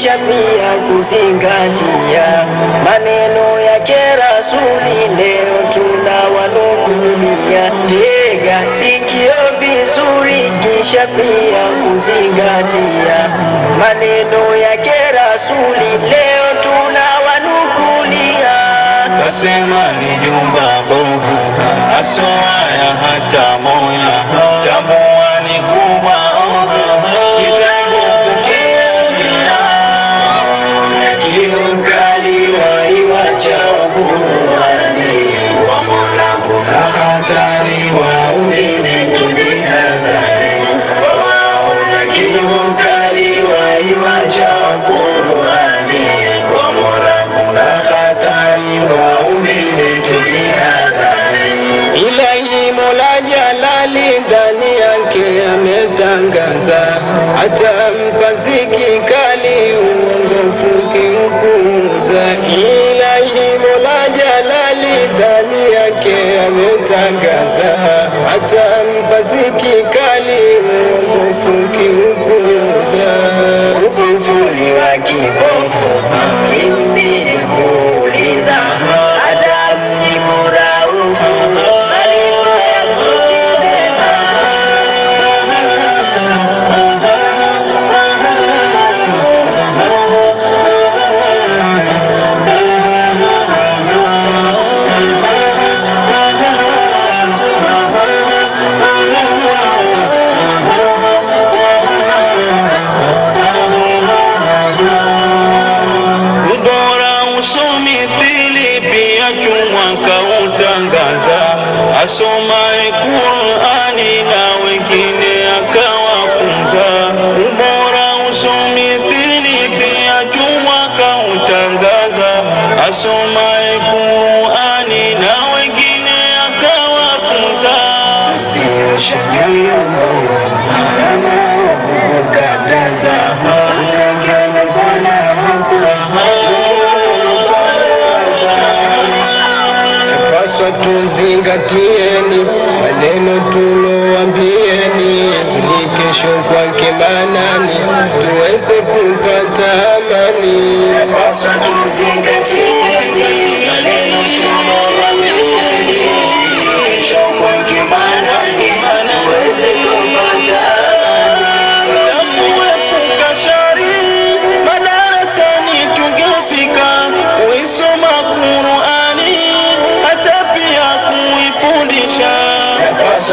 Tunafundisha pia kuzingatia maneno yake Rasuli, leo tunawanukulia. Tega sikio vizuri, kisha pia kuzingatia maneno yake Rasuli leo kushangaza, atampa dhiki kali, uongofu ukimpuuza. Ilahi Mola Jalali, ndani yake ametangaza, atampa dhiki kali asomaye Qurani na wengine akawafunza. Ubora usomithili pia chuma kautangaza. Asomaye Qurani na wengine akawafunza. Sio sheria ya Mola, hana kukataza Tunapaswa tuzingatieni maneno tuloambieni, ili kesho kwake Manani tuweze kupata amani.